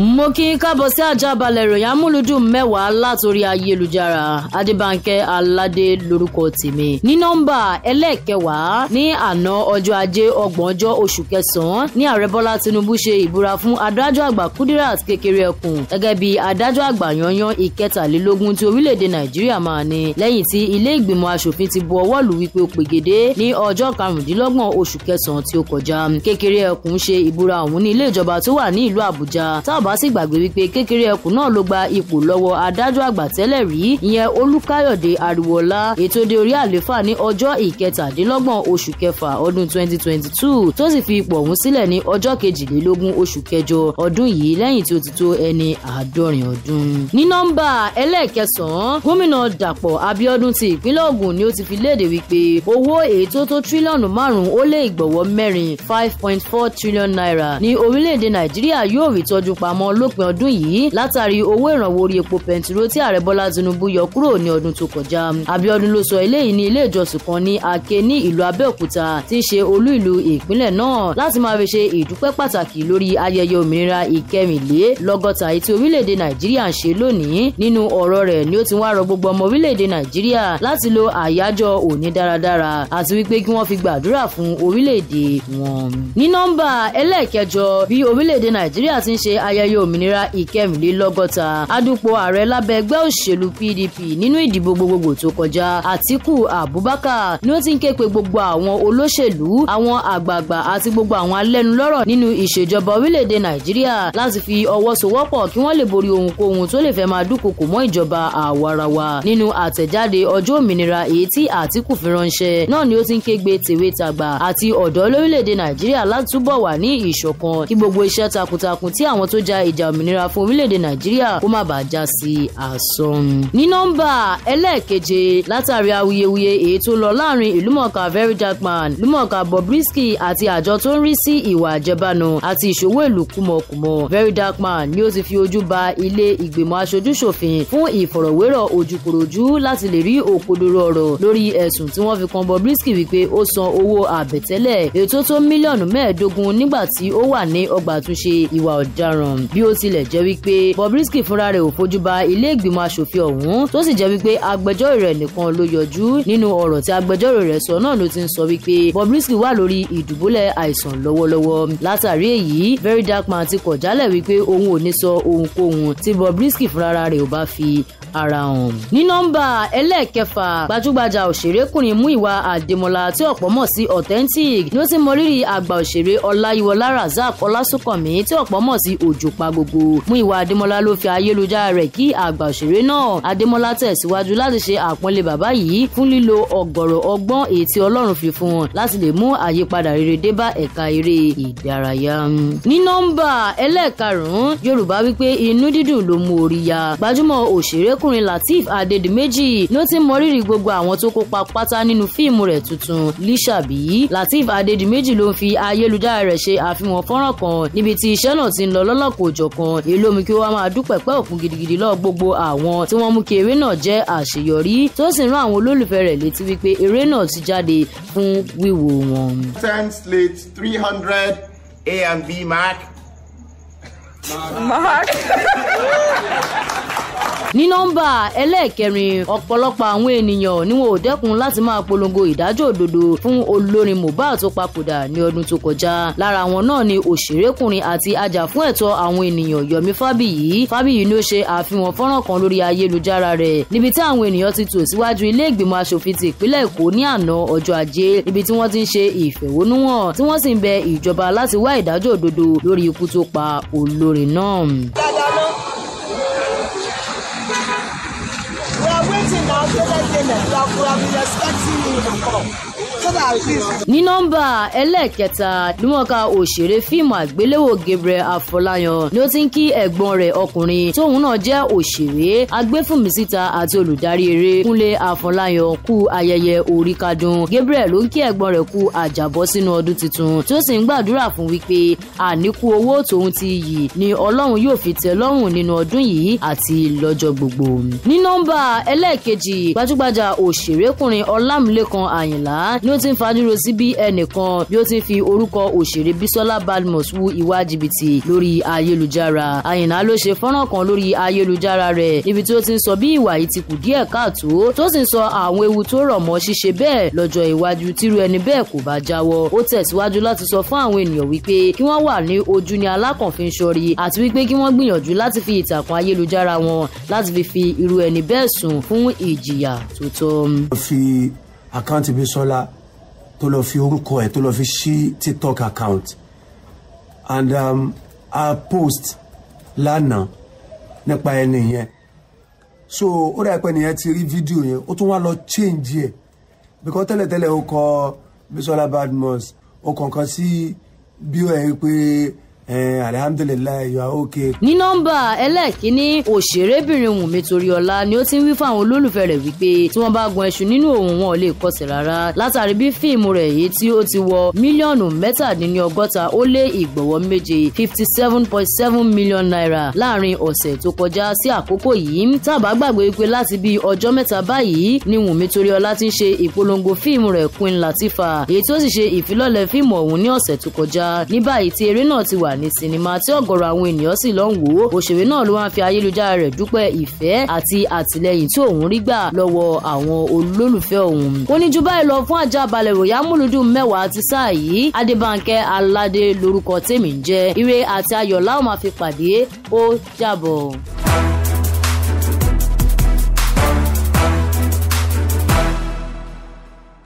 mo kí n kábọ̀ sí àjábalẹ̀ ìròyìn amúlùdùn mẹ́wàá látòrí ayélujára adébánkẹ́ aládé lórúkọ tèmi ní nọ́mbà ẹlẹ́ẹ̀kẹwàá ní àná ọjọ́ ajé ọgbọ̀njọ́ oṣù kẹsàn-án ní ààrẹ bọ́lá tinubu ṣe ìbúra fún adájọ́ àgbà kudirat kékeré ẹkùn gẹ́gẹ́ bí adájọ́ àgbà yanyan ìkẹtàlélógún tí orílẹ̀-èdè nàìjíríà máa ní lẹ́yìn tí ilé ìgbìmọ̀ asòfin ti bu ọwọ́ lù wípé ó pegedé ní ọjọ́ karùndínlọ́gbọ̀n oṣù kẹsàn-án tí ó kọjá kékeré ẹkùn ṣe ìbúra ọ̀hún ní ilé ìjọba tó wà ní ìlú àbújá táb Fásì gbàgbé wípé kékeré ẹkùn náà ló gba ipò lọ́wọ́ adájọ́ àgbà tẹ́lẹ̀ rí ìyẹn Olúkáyọ̀dé Ariwọlá ètò dé orí àléfà ní ọjọ́ ìkẹtàdínlọ́gbọ̀n oṣù kẹfà ọdún 2022 tó sì fi ipò ọ̀hún sílẹ̀ ní ọjọ́ kejìlélógún oṣù kẹjọ ọdún yìí lẹ́yìn tí ó ti tó ẹni àádọ́rin ọdún. ní nọ́mbà ẹlẹ́ẹ̀kẹsàn-án gómìnà Dàpọ̀ Abíọ́dún ti ìpínlẹ̀ Ògùn ni ó ti fi léde wípé owó ètò tó tírílíọ̀nù márùn-ún ó lé ìgbọ̀wọ́ mẹ́rin five point four trillion naira ni orílẹ̀-èdè Nàìjíríà yóò rí tọ́jú pamọ́ pamọ́ lópin ọdún yìí látàrí owó ìrànwọ́ orí epo pẹntiró tí ààrẹ Bọ́lá Tinubu yọ kúrò ní ọdún tó kọjá Abíọ́dún ló sọ eléyìí ní ilé ìjọsìn kan ní Ake ní ìlú Abẹ́òkúta tí í ṣe olú ìlú ìpínlẹ̀ náà láti máa fi ṣe ìdúpẹ́ pàtàkì lórí ayẹyẹ òmìnira ìkẹrìnlélọ́gọ́ta èyí tí orílẹ̀-èdè Nàìjíríà ń ṣe lónìí nínú ọ̀rọ̀ rẹ̀ ni ó ti wá rọ gbogbo ọmọ orílẹ̀-èdè Nàìjíríà láti lo àyájọ́ òní dáradára àti wípé kí wọ́n fi gbàdúrà fún orílẹ̀-èdè wọn. ní nọ́mbà ẹlẹ́ẹ̀kẹjọ bí orílẹ̀-èdè Nàìjíríà ti ń ṣe ayẹyẹ wáyé òmìnira ìkẹrìnlélọ́gọ́ta adúpọ̀ ààrẹ lábẹ́ ẹgbẹ́ òṣèlú PDP nínú ìdìbò gbogbogbò tó kọjá Àtíkù Abubakar ni ó ti ń ké pe gbogbo àwọn olóṣèlú àwọn àgbààgbà àti gbogbo àwọn alẹ́nulọ́rọ̀ nínú ìṣèjọba orílẹ̀-èdè Nàìjíríà láti fi ọwọ́ sowọ́pọ̀ kí wọ́n lè borí ohunkóhun tó lè fẹ́ máa dúnkokò mọ́ ìjọba àwarawa nínú àtẹ̀jáde ọjọ́ òmìnira èyí tí Àtíkù fi ránṣẹ́ náà ni ó ti ń kégbe tèwe tàgbà àti ọ̀dọ́ lórílẹ̀-èdè Nàìjíríà láti túbọ̀ wà ní ìṣọ̀kan kí gbogbo iṣẹ́ takuntakun tí àwọn tó j ìjà ìjà òmìnira fún orílẹ̀-èdè nàìjíríà kó má bàa já sí àsọ̀run. ní nọ́mbà ẹlẹ́ẹ̀keje látàrí awuyewuye èyí tó lọ láàrin ìlúmọ̀ọ́ká Very Jackman ìlúmọ̀ọ́ká Bobrisky àti àjọ tó ń rí sí ìwà àjẹbánu àti ìṣòwò ìlú kùmọ̀kùmọ̀ Very Jackman ni ó ti fi ojú ba ilé ìgbìmọ̀ aṣojúṣòfin fún ìfọ̀rọ̀wérọ̀ ojúkòròjú láti lè rí òkodoro ọ̀rọ̀ lórí ẹ̀sùn tí wọ́n fi kan Bobrisky wípé ó san owó àbẹ̀tẹ́lẹ̀ ètò tó mílíọ̀nù mẹ́ẹ̀ẹ́dógún nígbà tí ó ọ̀daràn. Newsom bí ó tilẹ̀ jẹ́ wípé Bobrisky fúnra rẹ̀ ò fojú ba ilé ìgbìmọ̀ asòfin ọ̀hún tó sì jẹ́ wípé agbẹjọ́rò rẹ̀ nìkan ló yọjú nínú ọ̀rọ̀ tí agbẹjọ́rò rẹ̀ sọ náà ló ti ń sọ wípé Bobrisky wà lórí ìdùbúlẹ̀ àìsàn lọ́wọ́lọ́wọ́ látàrí èyí Very Dark Man ti kọ̀ jálẹ̀ wípé òun ò ní sọ ohunkóhun tí Bobrisky fúnra rẹ̀ ò bá fi ara hàn. ní nọ́mbà ẹlẹ́ẹ̀kẹfà gbajúgbajà òṣèrékùnrin Múyìwá Àdèmọ́lá tí ọ̀pọ̀ mọ̀ sí authentic ni ó ti mọrírì àgbà òṣèré Ọláyíwọlá Razak Ọlásùnkànmí tí ọ̀pọ̀ mọ̀ sí òjò pa gbogbo Múyìwá Àdèmọ́lá ló fi ayélujára rẹ̀ kí àgbà òṣèré náà Àdèmọ́lá tẹ̀síwájú láti ṣe àpọ́nlé bàbá yìí fún lílo ọ̀gọ̀rọ̀ ọgbọ́n èyí tí Ọlọ́run fi fún wọn láti lè mú àyípadà rere dé bá ẹ̀ka eré ìdárayá. ní nọ́mbà ẹlẹ́ẹ̀karùn-ún Yorùbá wípé inú dídùn ló mú orí ya gbajúmọ̀ òṣèré ọ̀rẹ́kùnrin Lateef Adédìméjì ni ó ti ń mọrírì gbogbo àwọn tó kópa pátá nínú fíìmù rẹ̀ tuntun Lísàbí Lateef Adédìméjì ló ń fi ayélujára rẹ̀ ṣe àfihàn fọ́nrán kan níbi tí iṣẹ́ náà ti ń lọ lọ́lọ́kọ̀ òjọ̀kan èyí ló mú kí wọ́n máa dúpẹ́ pẹ́ òkun gidigidi lọ́ọ́ gbogbo àwọn tí wọ́n mú kí eré náà jẹ́ àṣeyọrí tó sì rán àwọn olólùfẹ́ rẹ̀ létí wípé eré náà ti jáde fún wíwò wọn. ten slate three hundred a and b mark. mark. ní nọ́mbà ẹlẹ́ẹ̀kẹrin ọ̀pọ̀lọpọ̀ àwọn ènìyàn ni wọn ò dẹ́kun láti máa polongo ìdájọ́ òdodo fún olórin Mohbad tó papòdà ní ọdún tó kọjá lára wọn náà ni òṣèrékùnrin àti ajàfún ẹ̀tọ́ àwọn ènìyàn Yomi Fábíyì Fábíyì ni ó ṣe àfihàn fọ́nrán kan lórí ayélujára rẹ̀ níbi tí àwọn ènìyàn ti tò síwájú ilé ìgbìmọ̀ asòfin ti ìpínlẹ̀ Èkó ní àná ọjọ́ ajé níbi tí wọ́n ti ń ṣe ìfẹ̀hónúhàn tí wọ́n sì ń bẹ ìjọba láti wá ìdájọ́ òdodo lórí ikú tó pa olórin náà. sitting down, say, let's say, you are respecting me and all. ní nọ́mbà ẹlẹ́ẹ̀kẹta ni wọ́n ka òṣèré fíìmù àgbéléwò Gabriel Afọláyan ni ó ti ń kí ẹ̀gbọ́n rẹ̀ ọkùnrin tóun náà jẹ́ òṣèré agbéfúnmisíta àti olùdarí eré Kúnlé Afọláyan kú ayẹyẹ oríkádún Gabriel ló ń kí ẹ̀gbọ́n rẹ̀ kú àjàbọ́ sínú ọdún tuntun tí ó sì ń gbàdúrà fún wípé àníkù owó tòun ti yìí ni Ọlọ́run yóò fi tẹ́ lọ́rùn nínú ọdún yìí àti lọ́jọ́ gbogbo ní nọ́mbà ẹlẹ́ẹ̀kejì gbajúgbajà òṣèrékùnrin Ọlámilẹ́kan Àyìnlá ni ó ti ń fanírò sí bí ẹnìkan bí ó ti ń fi orúkọ òṣèré Bísọ́lá Badmus wu ìwà jìbìtì lórí ayélujára Àyìnlá ló ṣe fọ́nrán kan lórí ayélujára rẹ̀ níbi tí ó ti ń sọ bí ìwà yìí ti kù díẹ̀ káàtó tó sì ń sọ àwọn ewu tó rọ̀ mọ́ ṣíṣe bẹ́ẹ̀ lọ́jọ́ iwájú tírú ẹni bẹ́ẹ̀ kò bá jáwọ́ ó tẹ̀síwájú láti sọ fún àwọn ènìyàn wípé kí wọ́n wà ní ojú ni alákànfin ṣọ́rí àti wípé kí wọ́n gbìyànjú láti fi ìtàkùn ayélujára wọn láti fi fi irú ẹni bẹ́ẹ̀ sùn fún ìjìyà tó mo fi àkáǹtì Bísọ́lá tó lọ fi orúkọ ẹ̀ tó lọ fi ṣí tiktok account and um, a post lánàá nípa ẹni yẹn so ó dà pé nìyẹn ti rí fídíò yẹn ó tún wá lọ change ẹ̀ because tẹ́lẹ̀tẹ́lẹ̀ ó kọ Bisola Badmus ó kọ̀ọ̀kan sí bí ó ẹ̀ pé. Eh, alihamdulilayi you are okay. ní nọ́mbà ẹlẹ́ẹ̀kínní òṣèrébìnrin wùnmi toríọlá ni ó ti ń wí fáwọn olólùfẹ́ rẹ̀ wípé tí wọ́n bá gun ẹṣu nínú òun wọn ò lè kọsẹ̀ rárá látàrí bí fíìmù rẹ̀ èyí tí ó ti wọ mílíọ̀nù mẹ́tàdínlọ́gọ́ta ó lé ìgbọ̀wọ́ méje fifty seven point seven million naira láàrin ọ̀sẹ̀ tó kọjá sí àkókò yìí tàbá gbàgbé wípé láti bí ọjọ́ mẹ́ta báyìí ni wùnmi toríọlá ti ń ṣe ìpolongo fíìmù Queen Latifah èyí tó sì ṣe ìfilọ́lẹ̀ fíìmù ọ̀hún ní ọ̀sẹ̀ tó kọjá ní báyìí tí ní sinimá tí ọ̀gọ̀rọ̀ àwọn ènìyàn sì lọ ń wò ó òṣèré náà ló wá ń fi ayélujára rẹ̀ dúpẹ́ ìfẹ́ àti àtìlẹ́yìn tí òun rí gbà lọ́wọ́ àwọn olólùfẹ́ òun. ó ní ju báyìí lọ fún àjàbalẹ̀ ròyà múlùdùn mẹ́wàá ti sáà yìí adébánkẹ́ aládé lórúkọ tèmi ń jẹ́ ire àti ayọ̀ láwọn máa fi pàdé ó jàbọ̀.